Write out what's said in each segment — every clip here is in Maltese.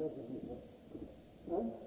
Thank you.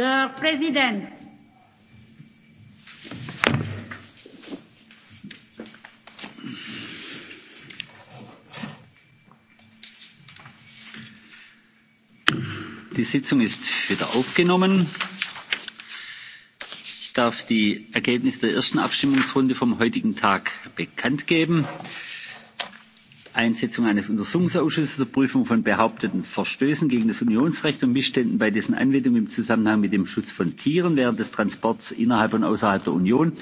Die Sitzung ist wieder aufgenommen. Ich darf die Ergebnisse der ersten Abstimmungsrunde vom heutigen Tag bekannt geben. Einsetzung eines Untersuchungsausschusses zur Prüfung von behaupteten Verstößen gegen das Unionsrecht und Missständen bei dessen Anwendung im Zusammenhang mit dem Schutz von Tieren während des Transports innerhalb und außerhalb der Union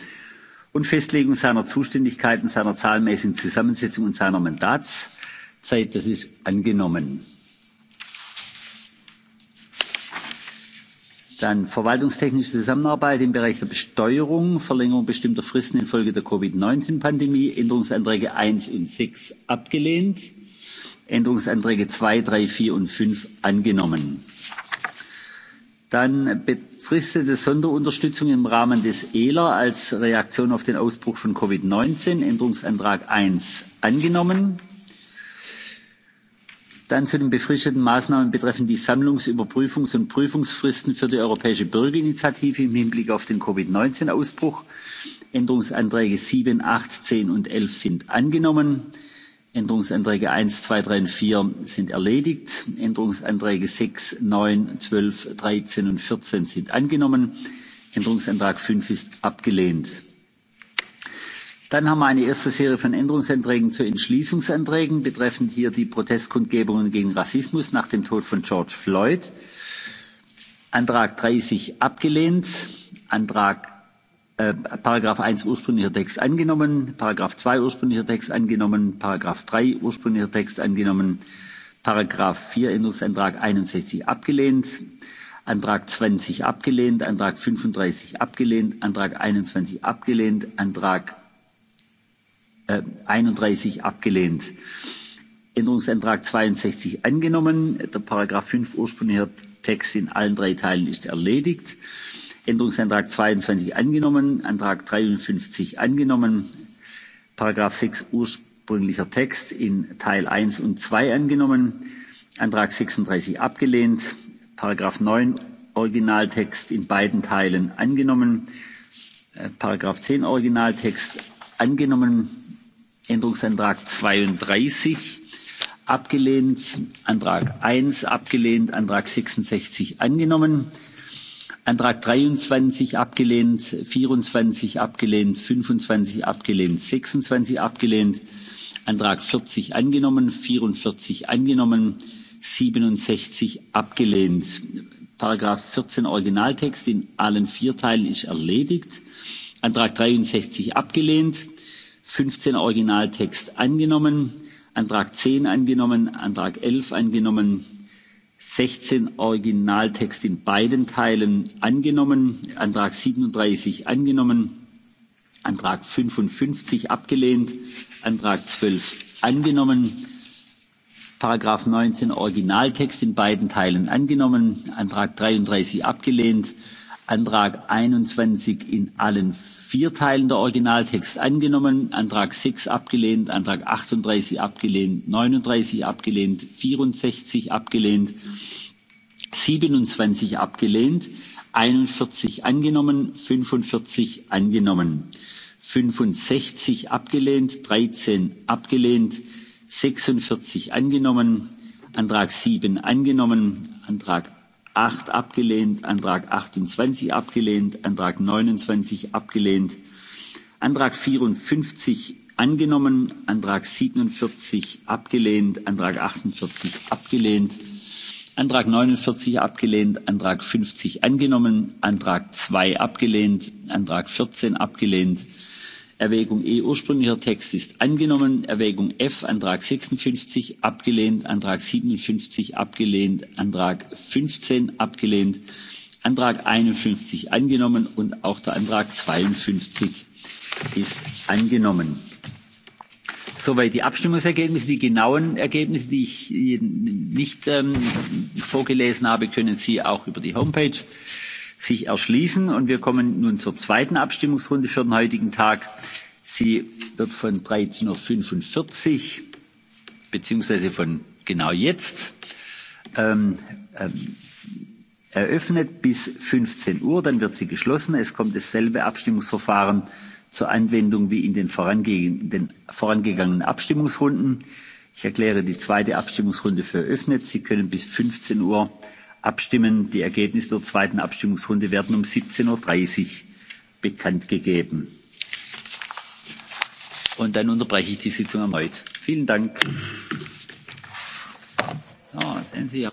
und Festlegung seiner Zuständigkeiten, seiner zahlenmäßigen Zusammensetzung und seiner Mandatszeit. Das ist angenommen. Dann verwaltungstechnische Zusammenarbeit im Bereich der Besteuerung, Verlängerung bestimmter Fristen infolge der Covid-19-Pandemie, Änderungsanträge 1 und 6 abgelehnt, Änderungsanträge 2, 3, 4 und 5 angenommen. Dann befristete Sonderunterstützung im Rahmen des ELA als Reaktion auf den Ausbruch von Covid-19, Änderungsantrag 1 angenommen. Dann zu den befristeten Maßnahmen betreffend die Sammlungs-, Überprüfungs- und Prüfungsfristen für die Europäische Bürgerinitiative im Hinblick auf den Covid-19-Ausbruch. Änderungsanträge 7, 8, 10 und 11 sind angenommen. Änderungsanträge 1, 2, 3 und 4 sind erledigt. Änderungsanträge 6, 9, 12, 13 und 14 sind angenommen. Änderungsantrag 5 ist abgelehnt. Dann haben wir eine erste Serie von Änderungsanträgen zu Entschließungsanträgen betreffend hier die Protestkundgebungen gegen Rassismus nach dem Tod von George Floyd. Antrag 30 abgelehnt, Antrag äh, Paragraph 1 ursprünglicher Text angenommen, Paragraph 2 ursprünglicher Text angenommen, Paragraph 3 ursprünglicher Text angenommen, Paragraph 4 Änderungsantrag 61 abgelehnt, Antrag 20 abgelehnt, Antrag 35 abgelehnt, Antrag 21 abgelehnt, Antrag äh, 31 abgelehnt. Änderungsantrag 62 angenommen. Der Paragraph 5 ursprünglicher Text in allen drei Teilen ist erledigt. Änderungsantrag 22 angenommen, Antrag 53 angenommen, Paragraph 6 ursprünglicher Text in Teil 1 und 2 angenommen, Antrag 36 abgelehnt, Paragraph 9 Originaltext in beiden Teilen angenommen, äh, Paragraph 10 Originaltext angenommen, Änderungsantrag 32 abgelehnt, Antrag 1 abgelehnt, Antrag 66 angenommen, Antrag 23 abgelehnt, 24 abgelehnt, 25 abgelehnt, 26 abgelehnt, Antrag 40 angenommen, 44 angenommen, 67 abgelehnt. Paragraph 14 Originaltext in allen vier Teilen ist erledigt. Antrag 63 abgelehnt fünfzehn Originaltext angenommen, Antrag zehn angenommen, Antrag elf angenommen, sechzehn Originaltext in beiden Teilen angenommen, Antrag 37 angenommen, Antrag 55 abgelehnt, Antrag 12 angenommen, Paragraph 19 Originaltext in beiden Teilen angenommen, Antrag 33 abgelehnt, Antrag 21 in allen vier Teilen der Originaltext angenommen, Antrag 6 abgelehnt, Antrag 38 abgelehnt, 39 abgelehnt, 64 abgelehnt, 27 abgelehnt, 41 angenommen, 45 angenommen, 65 abgelehnt, 13 abgelehnt, 46 angenommen, Antrag 7 angenommen, Antrag 8 abgelehnt, Antrag 28 abgelehnt, Antrag 29 abgelehnt, Antrag 54 angenommen, Antrag 47 abgelehnt, Antrag 48 abgelehnt, Antrag 49 abgelehnt, Antrag 50 angenommen, Antrag 2 abgelehnt, Antrag 14 abgelehnt, Erwägung E ursprünglicher Text ist angenommen. Erwägung F Antrag 56 abgelehnt. Antrag 57 abgelehnt. Antrag 15 abgelehnt. Antrag 51 angenommen und auch der Antrag 52 ist angenommen. Soweit die Abstimmungsergebnisse. Die genauen Ergebnisse, die ich nicht ähm, vorgelesen habe, können Sie auch über die Homepage sich erschließen. Und wir kommen nun zur zweiten Abstimmungsrunde für den heutigen Tag. Sie wird von 13.45 Uhr beziehungsweise von genau jetzt ähm, ähm, eröffnet bis 15 Uhr. Dann wird sie geschlossen. Es kommt dasselbe Abstimmungsverfahren zur Anwendung wie in den, den vorangegangenen Abstimmungsrunden. Ich erkläre die zweite Abstimmungsrunde für eröffnet. Sie können bis 15 Uhr abstimmen. Die Ergebnisse der zweiten Abstimmungsrunde werden um 17.30 Uhr bekannt gegeben. Und dann unterbreche ich die Sitzung erneut. Vielen Dank. So, sehen Sie ja.